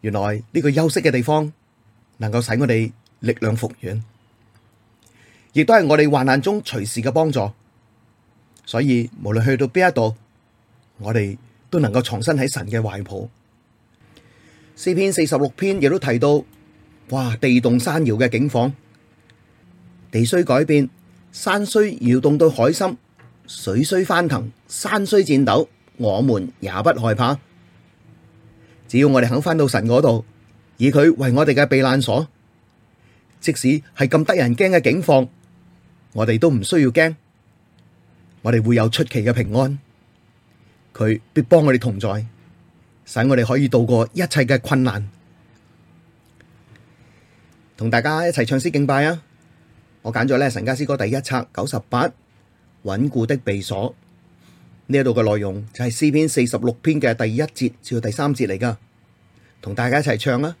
原來呢、這個休息嘅地方，能夠使我哋力量復原，亦都係我哋患難中隨時嘅幫助。所以無論去到邊一度，我哋都能夠藏身喺神嘅懷抱。四篇四十六篇亦都提到，哇！地動山搖嘅境況，地雖改變，山雖搖動到海心，水雖翻騰，山雖戰抖，我們也不害怕。只要我哋肯翻到神嗰度，以佢為我哋嘅避難所，即使係咁得人驚嘅境況，我哋都唔需要驚，我哋會有出奇嘅平安。佢必幫我哋同在，使我哋可以度過一切嘅困難。同大家一齊唱詩敬拜啊！我揀咗咧神家詩歌第一冊九十八穩固的避所。呢度嘅內容就係詩篇四十六篇嘅第一節至到第三節嚟噶，同大家一齊唱啊！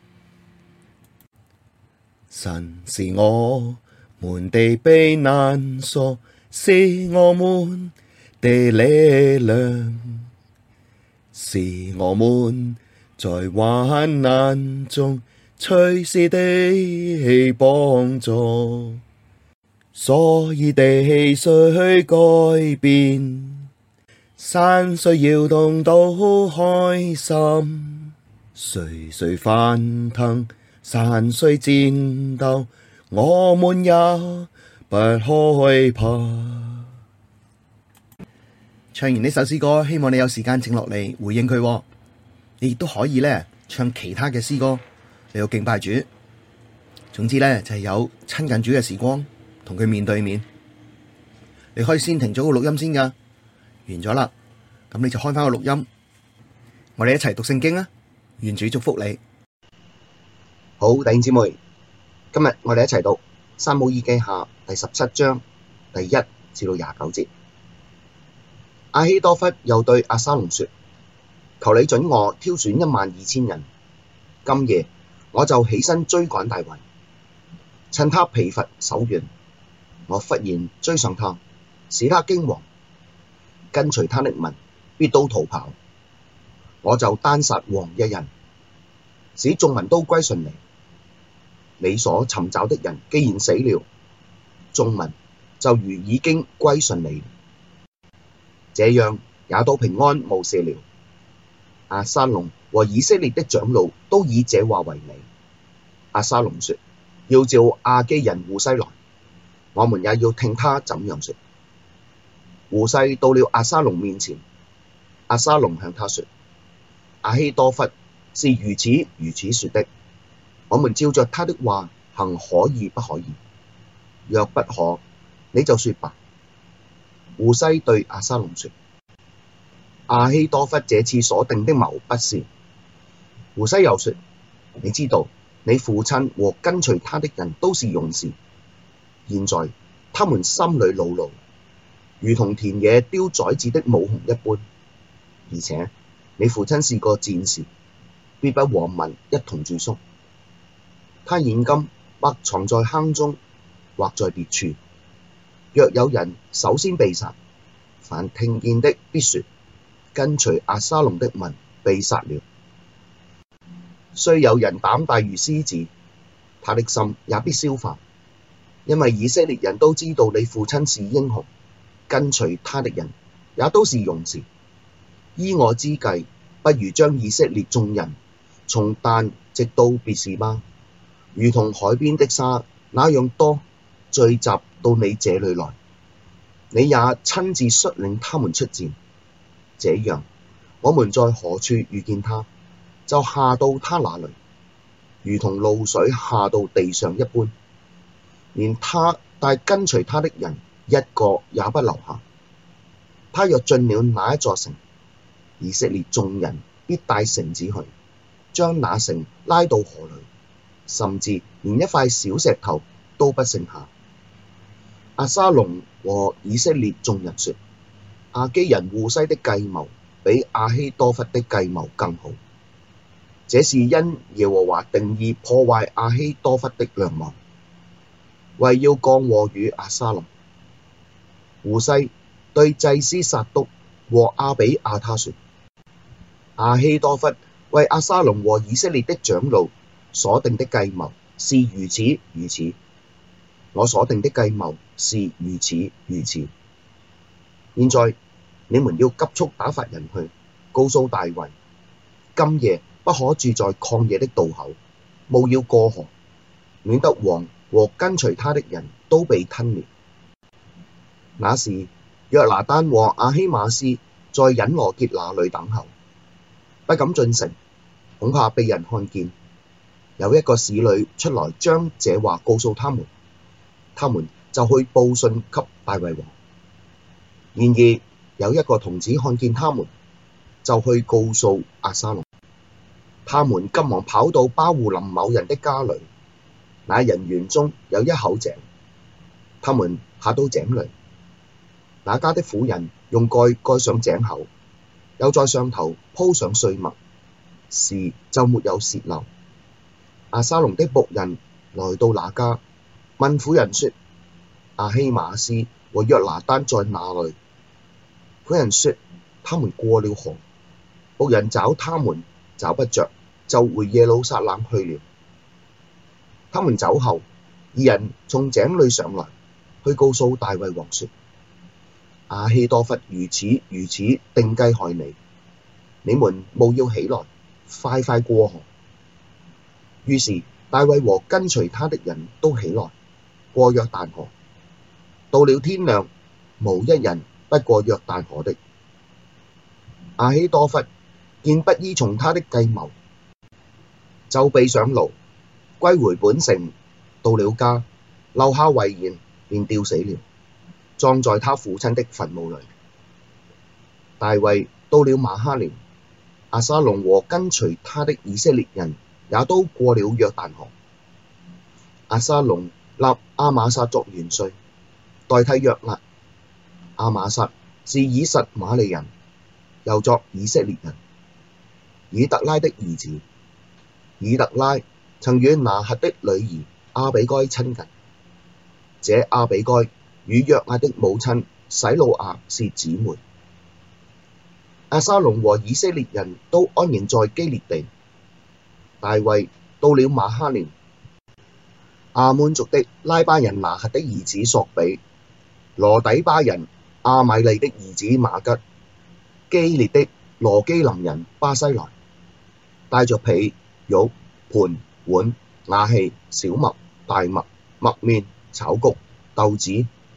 神是我們地避難所，是我們地力量，是我們在患難中隨時的幫助，所以地雖改變，山雖搖動到海心，水雖翻騰，山雖戰抖，我們也不害怕。唱完呢首詩歌，希望你有時間靜落嚟回應佢喎。你亦都可以咧唱其他嘅詩歌，你要敬拜主。總之咧就係、是、有親近主嘅時光，同佢面對面。你可以先停咗個錄音先噶。完咗啦，咁你就開翻個錄音，我哋一齊讀聖經啊！願主祝福你。好，弟兄姊妹，今日我哋一齊讀《撒母耳記》下第十七章第一至到廿九節。亞希多弗又對押沙龍說：求你准我挑選一萬二千人，今夜我就起身追趕大衛，趁他疲乏手軟，我忽然追上他，使他驚惶。跟隨他的民必都逃跑，我就單殺王一人，使眾民都歸順你。你所尋找的人既然死了，眾民就如已經歸順你，這樣也都平安無事了。押沙龍和以色列的長老都以這話為美。押沙龍說：要召亞基人戶篩來，我們也要聽他怎樣說。戶篩到了押沙龍面前，押沙龍向他說：亞希多弗是如此如此說的，我們照着他的話行，可以不可以？若不可，你就說吧。戶篩對押沙龍說：亞希多弗這次所定的謀不善。戶篩又說：你知道，你父親和跟隨他的人都是勇士，現在他們心裡惱怒。如同田野丟崽子的母熊一般，而且你父親是個戰士，必不和民一同住宿。他現今或藏在坑中，或在別處。若有人首先被殺，凡聽見的必説：跟隨押沙龍的民被殺了。雖有人膽大如獅子，他的心也必消化，因為以色列人都知道你父親是英雄。跟隨他的人也都是勇士。依我之計，不如將以色列眾人從但直到別是巴，如同海邊的沙那樣多，聚集到你這裏來。你也親自率領他們出戰。這樣，我們在何處遇見他，就下到他那裏，如同露水下到地上一般。連他帶跟隨他的人。一個也不留下。他若進了哪一座城，以色列眾人必帶繩子去，將那城拉到河裏，甚至連一塊小石頭都不剩下。押沙龍和以色列眾人說：亞基人戶篩的計謀比亞希多弗的計謀更好。這是因耶和華定意破壞亞希多弗的良謀，為要降禍與押沙龍。戶篩對祭司撒督和亞比亞他說：亞希多弗為押沙龍和以色列的長老所定的計謀是如此如此，我所定的計謀是如此如此。現在你們要急速打發人去，告訴大衛，今夜不可住在曠野的渡口，務要過河，免得王和跟隨他的人都被吞滅。那時，約拿單和亞希瑪斯在隱羅結那裡等候，不敢進城，恐怕被人看見。有一個侍女出來將這話告訴他們，他們就去報信給大衛王。然而有一個童子看見他們，就去告訴押沙龍。他們急忙跑到巴戶琳某人的家裡，那人院中有一口井，他們下到井裡。那家的婦人用蓋蓋上井口，又在上頭鋪上碎麥，事就沒有洩漏。押沙龍的僕人來到那家，問婦人說：亞希瑪斯和約拿單在哪裡？婦人說：他們過了河。僕人找他們找不着，就回耶路撒冷去了。他們走後，二人從井裡上來，去告訴大衛王說。亞希多弗如此如此定計害你，你們務要起來，快快過河。於是大衛和跟隨他的人都起來，過約旦河。到了天亮，無一人不過約旦河的。亞希多弗見不依從他的計謀，就備上驢，歸回本城，到了家，留下遺言，便吊死了。葬在他父親的墳墓裡。大衛到了瑪哈念，押沙龍和跟隨他的以色列人也都過了約但河。押沙龍立亞瑪撒作元帥，代替約押。亞瑪撒是以實瑪利人，又作以色列人，以特拉的兒子。以特拉曾與拿轄的女兒亞比該親近，這亞比該與約押的母親洗魯雅是姊妹。押沙龍和以色列人都安營在基列地。大衛到了瑪哈念，亞捫族的拉巴人拿轄的兒子朔比，羅底巴人亞米利的兒子瑪吉，基列的羅基琳人巴西萊，帶着被、褥、盆、碗、瓦器、小麥、大麥、麥麵、炒穀、豆子。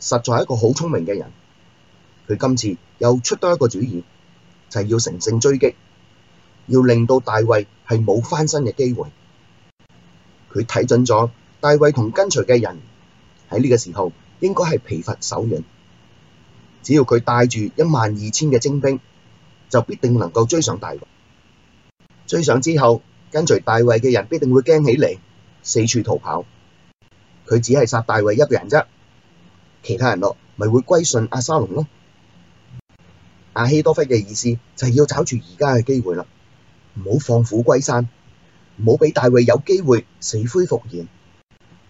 實在係一個好聰明嘅人，佢今次又出多一個主意，就係要乘勝追擊，要令到大衛係冇翻身嘅機會。佢睇準咗大衛同跟跟隨嘅人喺呢個時候應該係疲乏手軟，只要佢帶住一萬二千嘅精兵，就必定能夠追上大衛。追上之後，跟隨大衛嘅人必定會驚起嚟，四處逃跑。佢只係殺大衛一個人啫。其他人咯，咪會歸順押沙龍咯。亞希多弗嘅意思就係要找住而家嘅機會啦，唔好放虎歸山，唔好俾大衛有機會死灰復燃，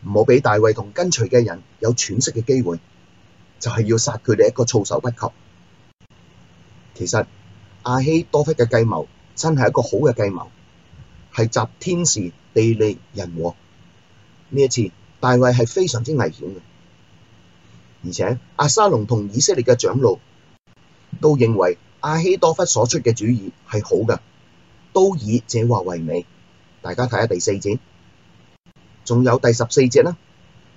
唔好俾大衛同跟隨嘅人有喘息嘅機會，就係要殺佢哋一個措手不及。其實亞希多弗嘅計謀真係一個好嘅計謀，係集天時、地利、人和。呢一次大衛係非常之危險嘅。而且押沙龍同以色列嘅長老都認為亞希多弗所出嘅主意係好嘅，都以這話為美。大家睇下第四節，仲有第十四節啦，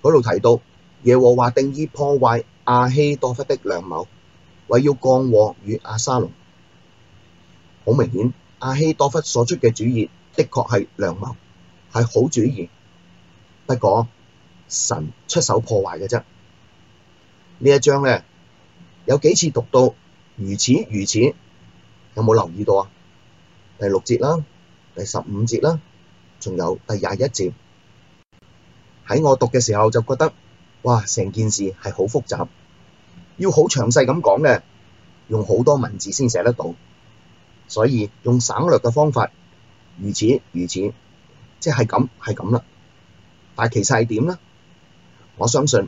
嗰度提到耶和華定意破壞亞希多弗的良謀，為要降禍與押沙龍。好明顯，亞希多弗所出嘅主意的確係良謀，係好主意。不過神出手破壞嘅啫。呢一章咧，有幾次讀到如此如此，有冇留意到啊？第六節啦，第十五節啦，仲有第廿一節。喺我讀嘅時候就覺得，哇，成件事係好複雜，要好詳細咁講咧，用好多文字先寫得到，所以用省略嘅方法，如此如此，即係咁，係咁啦。但係其實係點咧？我相信。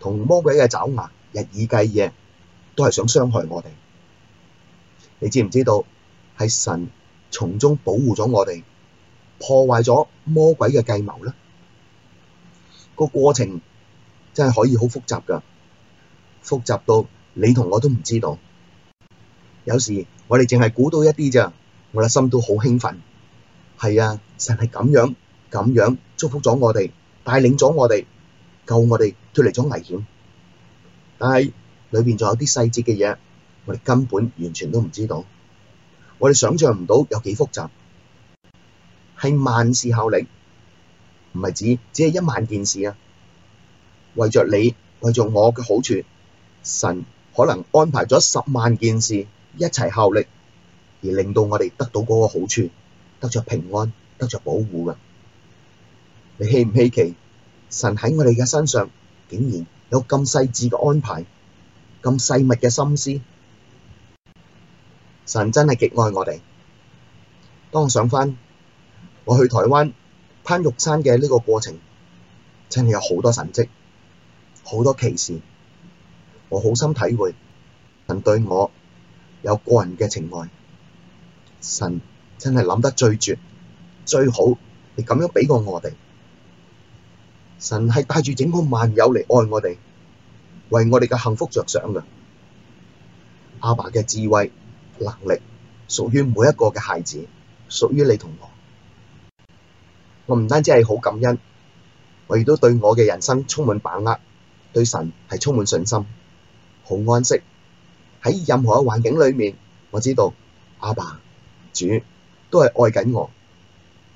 同魔鬼嘅爪牙日以繼夜都係想傷害我哋。你知唔知道係神從中保護咗我哋，破壞咗魔鬼嘅計謀咧？個過程真係可以好複雜㗎，複雜到你同我都唔知道。有時我哋淨係估到一啲咋，我嘅心都好興奮。係啊，神係咁樣咁樣祝福咗我哋，帶領咗我哋，救我哋。脫離咗危險，但係裏面仲有啲細節嘅嘢，我哋根本完全都唔知道，我哋想象唔到有幾複雜。係萬事效力，唔係指只係一萬件事啊，為著你為著我嘅好處，神可能安排咗十萬件事一齊效力，而令到我哋得到嗰個好處，得著平安，得著保護噶。你希唔希奇？神喺我哋嘅身上。竟然有咁細緻嘅安排，咁細密嘅心思，神真係極愛我哋。當我想翻我去台灣攀玉山嘅呢個過程，真係有好多神蹟，好多奇事。我好心體會神對我有個人嘅情愛，神真係諗得最絕、最好，你咁樣畀過我哋。神係帶住整個萬有嚟愛我哋，為我哋嘅幸福着想嘅。阿爸嘅智慧能力屬於每一個嘅孩子，屬於你同我。我唔單止係好感恩，我亦都對我嘅人生充滿把握，對神係充滿信心，好安息。喺任何嘅環境裏面，我知道阿爸主都係愛緊我，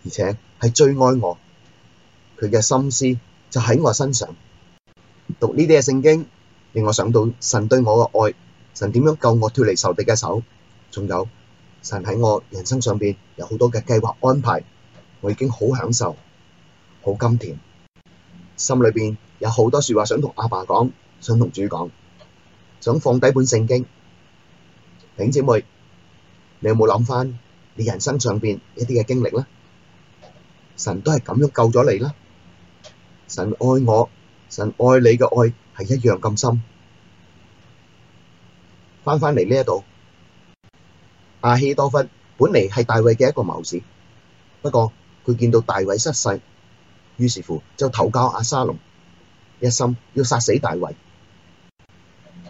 而且係最愛我。佢嘅心思。就喺我身上讀呢啲嘅聖經，令我想到神對我嘅愛，神點樣救我脫離仇敵嘅手，仲有神喺我人生上邊有好多嘅計劃安排，我已經好享受，好甘甜，心裏邊有好多說話想同阿爸講，想同主講，想放低本聖經。弟兄姊妹，你有冇諗翻你人生上邊一啲嘅經歷呢？神都係咁樣救咗你啦。神愛我，神愛你嘅愛係一樣咁深。翻返嚟呢一度，亞希多弗本嚟係大衛嘅一個謀士，不過佢見到大衛失勢，於是乎就投靠押沙龍，一心要殺死大衛。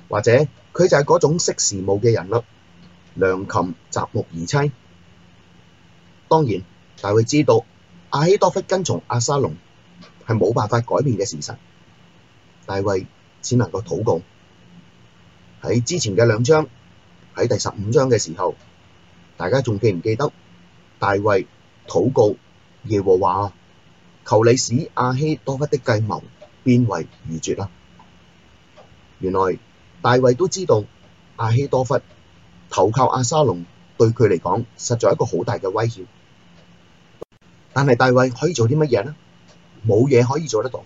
或者佢就係嗰種識時務嘅人啦，良禽擇木而棲。當然，大衛知道亞希多弗跟從押沙龍。係冇辦法改變嘅事實，大衛只能夠禱告。喺之前嘅兩章，喺第十五章嘅時候，大家仲記唔記得大衛禱告耶和華啊，求你使亞希多弗的計謀變為愚拙啦。原來大衛都知道亞希多弗投靠押沙龍對，對佢嚟講實在一個好大嘅威脅。但係大衛可以做啲乜嘢呢？冇嘢可以做得到，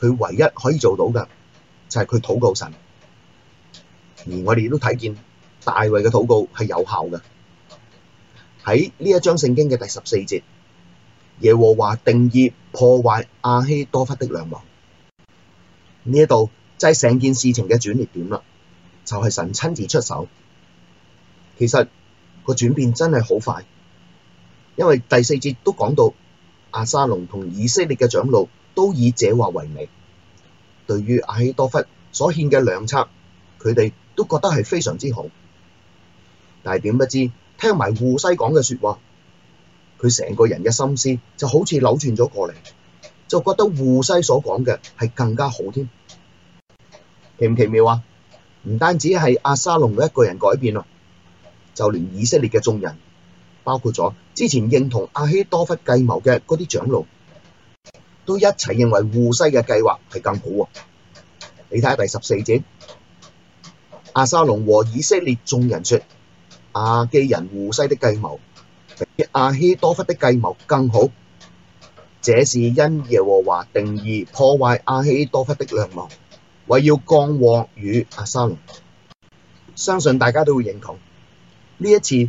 佢唯一可以做到嘅就係佢禱告神，而我哋都睇見大衛嘅禱告係有效嘅。喺呢一章聖經嘅第十四節，耶和華定意破壞亞希多弗的良謀。呢一度就係成件事情嘅轉捩點啦，就係、是、神親自出手。其實個轉變真係好快，因為第四節都講到。阿沙龍同以色列嘅長老都以這話為名，對於阿希多弗所獻嘅兩冊，佢哋都覺得係非常之好。但係點不知聽埋戶西講嘅説話，佢成個人嘅心思就好似扭轉咗過嚟，就覺得戶西所講嘅係更加好添。奇唔奇妙啊？唔單止係阿沙龍嘅一個人改變咯，就連以色列嘅眾人。包括咗之前認同亞希多弗計謀嘅嗰啲長老，都一齊認為戶篩嘅計劃係更好喎。你睇下第十四節，押沙龍和以色列眾人説：亞基人戶篩的計謀比亞希多弗的計謀更好。這是因耶和華定意破壞亞希多弗的良謀，為要降禍與押沙龍。相信大家都會認同呢一次。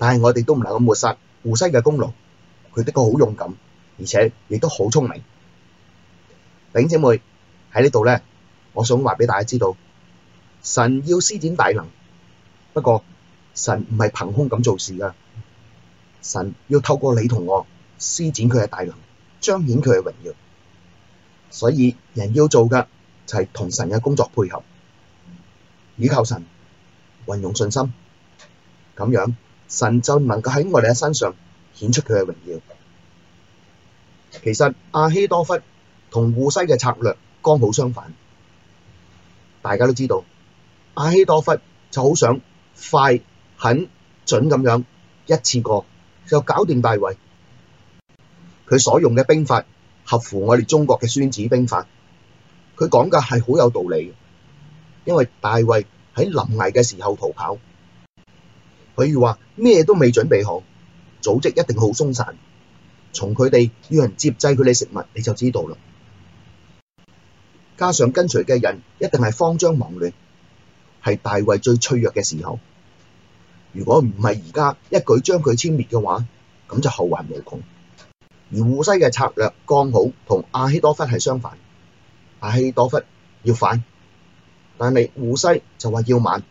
但係我哋都唔能夠抹殺戶篩嘅功勞，佢的確好勇敢，而且亦都好聰明。丙姐妹喺呢度咧，我想話俾大家知道，神要施展大能，不過神唔係憑空咁做事噶，神要透過你同我施展佢嘅大能，彰顯佢嘅榮耀。所以人要做嘅就係同神嘅工作配合，倚靠神，運用信心，咁樣。神就能夠喺我哋嘅身上顯出佢嘅榮耀。其實亞希多弗同戶篩嘅策略剛好相反。大家都知道，亞希多弗就好想快、狠、準咁樣一次過就搞掂大衛。佢所用嘅兵法合乎我哋中國嘅《孫子兵法》，佢講嘅係好有道理。因為大衛喺臨危嘅時候逃跑。比如話咩都未準備好，組織一定好鬆散。從佢哋要人接濟佢哋食物，你就知道啦。加上跟隨嘅人一定係慌張忙亂，係大衛最脆弱嘅時候。如果唔係而家一舉將佢殲滅嘅話，咁就後患無窮。而戶西嘅策略剛好同亞希多弗係相反。亞希多弗要快，但係戶篩就話要慢，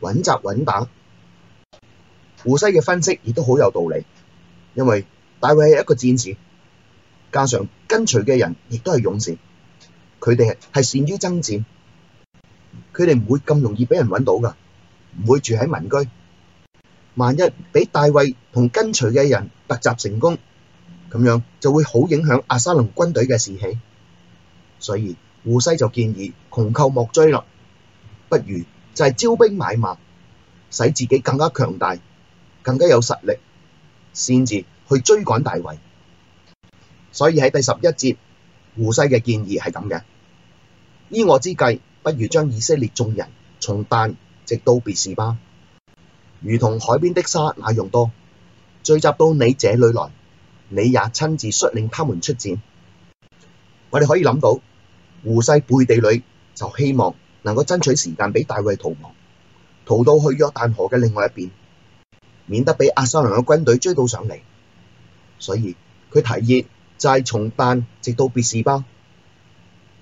穩紮穩打。胡西嘅分析亦都好有道理，因為大衛係一個戰士，加上跟隨嘅人亦都係勇士，佢哋係善於爭戰，佢哋唔會咁容易俾人揾到噶，唔會住喺民居。萬一俾大衛同跟隨嘅人突襲成功，咁樣就會好影響押沙龍軍隊嘅士氣。所以胡西就建議窮寇莫追啦，不如就係招兵買馬，使自己更加強大。更加有實力，先至去追趕大衛。所以喺第十一節，戶篩嘅建議係咁嘅：依我之計，不如將以色列眾人從但直到別是巴，如同海邊的沙那樣多，聚集到你這裏來。你也親自率領他們出戰。我哋可以諗到，戶篩背地裏就希望能夠爭取時間俾大衛逃亡，逃到去約但河嘅另外一邊。免得畀押沙龍嘅軍隊追到上嚟，所以佢提議就係從但直到別是巴。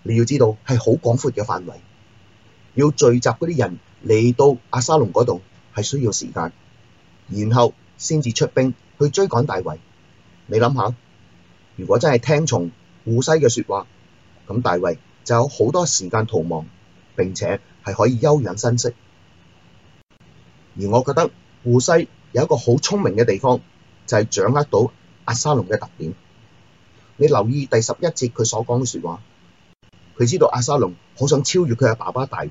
你要知道係好廣闊嘅範圍，要聚集嗰啲人嚟到押沙龍嗰度係需要時間，然後先至出兵去追趕大衞。你諗下，如果真係聽從戶篩嘅説話，咁大衞就有好多時間逃亡，並且係可以休養生息。而我覺得戶篩，有一個好聰明嘅地方，就係掌握到押沙龍嘅特點。你留意第十一節佢所講嘅説話，佢知道押沙龍好想超越佢嘅爸爸大衛。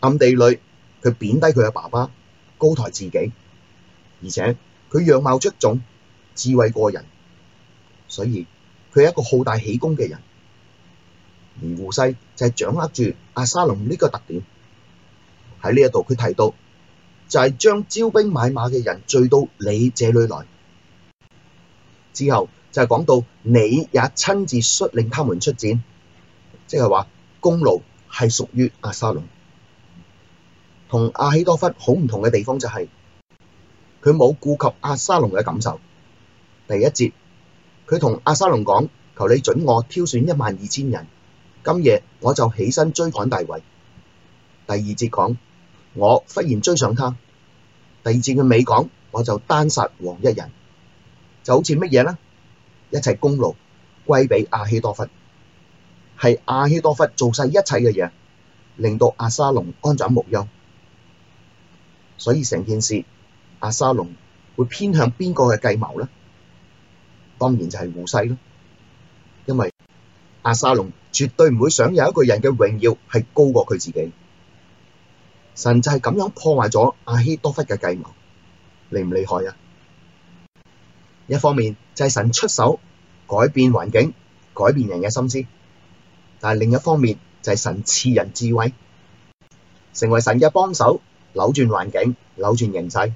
暗地裏，佢貶低佢嘅爸爸，高抬自己，而且佢樣貌出眾，智慧過人，所以佢係一個好大喜功嘅人。而戶篩就係掌握住押沙龍呢個特點，喺呢一度佢提到。就係將招兵買馬嘅人聚到你這裡來，之後就係講到你也親自率領他們出戰，即係話功勞係屬於押沙龍。同亞希多弗好唔同嘅地方就係佢冇顧及押沙龍嘅感受。第一節佢同押沙龍講：求你准我挑選一萬二千人，今夜我就起身追趕大衛。第二節講。我忽然追上他，第二節嘅尾講，我就單殺王一人，就好似乜嘢咧？一切功勞歸俾亞希多弗，係亞希多弗做晒一切嘅嘢，令到押沙龍安枕無憂。所以成件事，押沙龍會偏向邊個嘅計謀咧？當然就係戶篩咯，因為押沙龍絕對唔會想有一個人嘅榮耀係高過佢自己。神就係咁樣破壞咗亞希多弗嘅計謀，厲唔厲害啊？一方面就係神出手改變環境、改變人嘅心思，但係另一方面就係神賜人智慧，成為神嘅幫手，扭轉環境、扭轉形勢。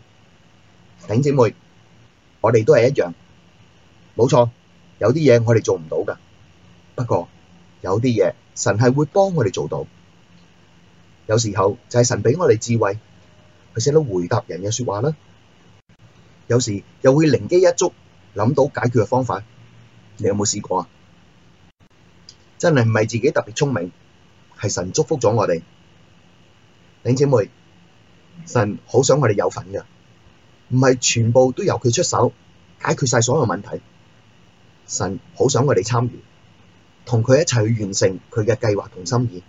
頂姐妹，我哋都係一樣，冇錯，有啲嘢我哋做唔到噶，不過有啲嘢神係會幫我哋做到。有時候就係神俾我哋智慧，佢識得回答人嘅說話啦。有時又會靈機一觸，諗到解決嘅方法。你有冇試過啊？真係唔係自己特別聰明，係神祝福咗我哋。弟兄姊妹，神好想我哋有份噶，唔係全部都由佢出手解決晒所有問題。神好想我哋參與，同佢一齊去完成佢嘅計劃同心意。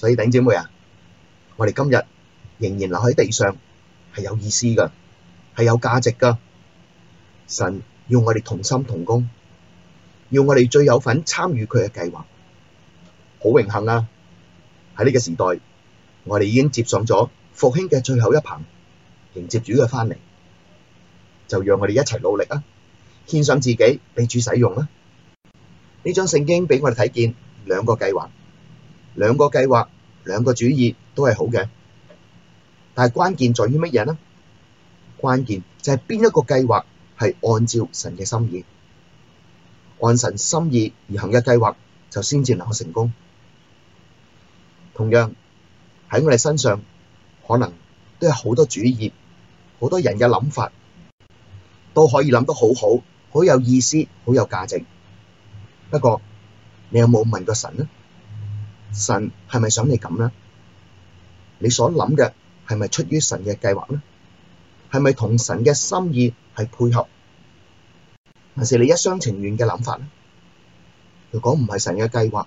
所以，弟兄姊妹啊，我哋今日仍然留喺地上，係有意思噶，係有價值噶。神要我哋同心同工，要我哋最有份參與佢嘅計劃。好榮幸啊！喺呢個時代，我哋已經接上咗復興嘅最後一棒，迎接主嘅翻嚟，就讓我哋一齊努力啊，獻上自己俾主使用啦、啊。呢張聖經畀我哋睇見兩個計劃。兩個計劃，兩個主意都係好嘅，但係關鍵在於乜嘢呢？關鍵就係邊一個計劃係按照神嘅心意，按神心意而行嘅計劃就先至能夠成功。同樣喺我哋身上，可能都有好多主意，好多人嘅諗法都可以諗得好好，好有意思，好有價值。不過你有冇問過神呢？神係咪想你咁呢？你所諗嘅係咪出於神嘅計劃呢？係咪同神嘅心意係配合？還是你一廂情願嘅諗法呢？如果唔係神嘅計劃，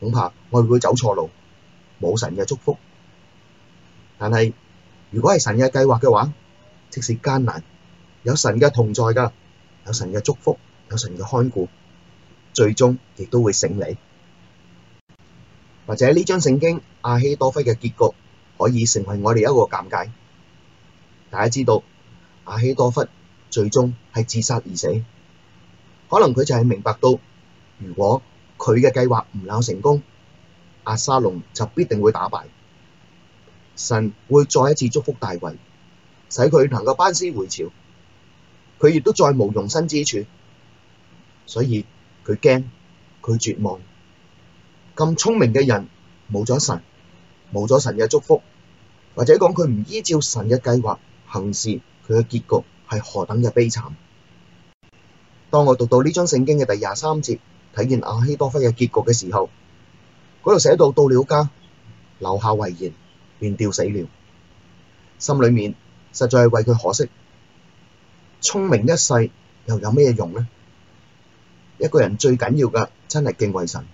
恐怕我哋會走錯路，冇神嘅祝福。但係如果係神嘅計劃嘅話，即使艱難，有神嘅同在噶，有神嘅祝福，有神嘅看顧，最終亦都會勝利。或者呢張聖經亞希多弗嘅結局可以成為我哋一個尷尬。大家知道亞希多弗最終係自殺而死，可能佢就係明白到，如果佢嘅計劃唔能夠成功，押沙龍就必定會打敗，神會再一次祝福大衛，使佢能夠班師回朝。佢亦都再無容身之處，所以佢驚，佢絕望。咁聰明嘅人冇咗神，冇咗神嘅祝福，或者講佢唔依照神嘅計劃行事，佢嘅結局係何等嘅悲慘。當我讀到呢章聖經嘅第廿三節，睇見亞希多弗嘅結局嘅時候，嗰度寫到到了家，留下遺言，便吊死了。心裡面實在係為佢可惜，聰明一世又有咩用呢？一個人最緊要嘅真係敬畏神。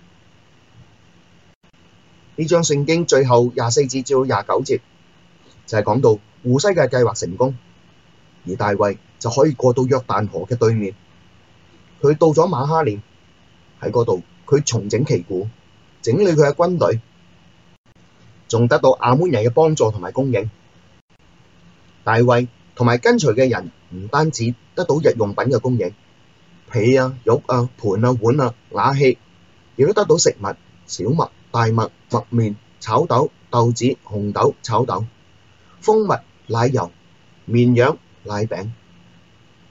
呢章聖經最後廿四節至到廿九節就係講到戶篩嘅計劃成功，而大衛就可以過到約旦河嘅對面。佢到咗瑪哈念，喺嗰度，佢重整旗鼓，整理佢嘅軍隊，仲得到亞捫人嘅幫助同埋供應。大衛同埋跟隨嘅人唔單止得到日用品嘅供應，被啊、褥啊、盆啊、碗啊、瓦器，亦都得到食物，小麥、大麥。麥麵、炒豆、豆子、紅豆、炒豆、蜂蜜、奶油、綿羊奶餅。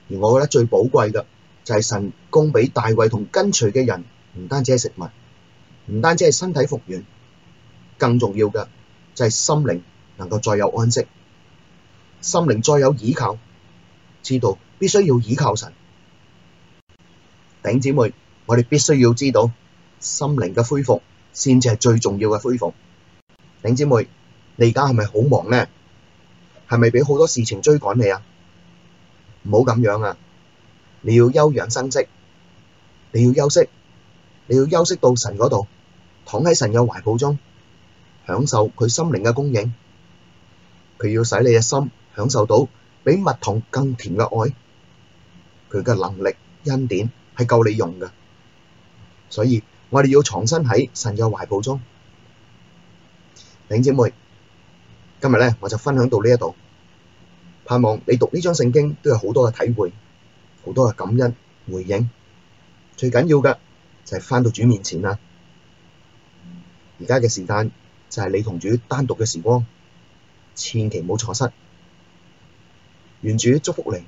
而我覺得最寶貴嘅就係、是、神供給大衛同跟隨嘅人，唔單止係食物，唔單止係身體復原，更重要嘅就係、是、心靈能夠再有安息，心靈再有依靠，知道必須要倚靠神。頂姐妹，我哋必須要知道心靈嘅恢復。先至係最重要嘅恢復。頂姐妹，你而家係咪好忙咧？係咪俾好多事情追趕你啊？唔好咁樣啊！你要休養生息，你要休息，你要休息到神嗰度，躺喺神嘅懷抱中，享受佢心靈嘅供應。佢要使你嘅心享受到比蜜糖更甜嘅愛。佢嘅能力恩典係夠你用嘅，所以。我哋要藏身喺神嘅懷抱中，弟兄姊妹，今日咧我就分享到呢一度，盼望你讀呢章聖經都有好多嘅體會，好多嘅感恩回應，最緊要嘅就係翻到主面前啦。而家嘅時間就係你同主單獨嘅時光，千祈唔好錯失，願主祝福你。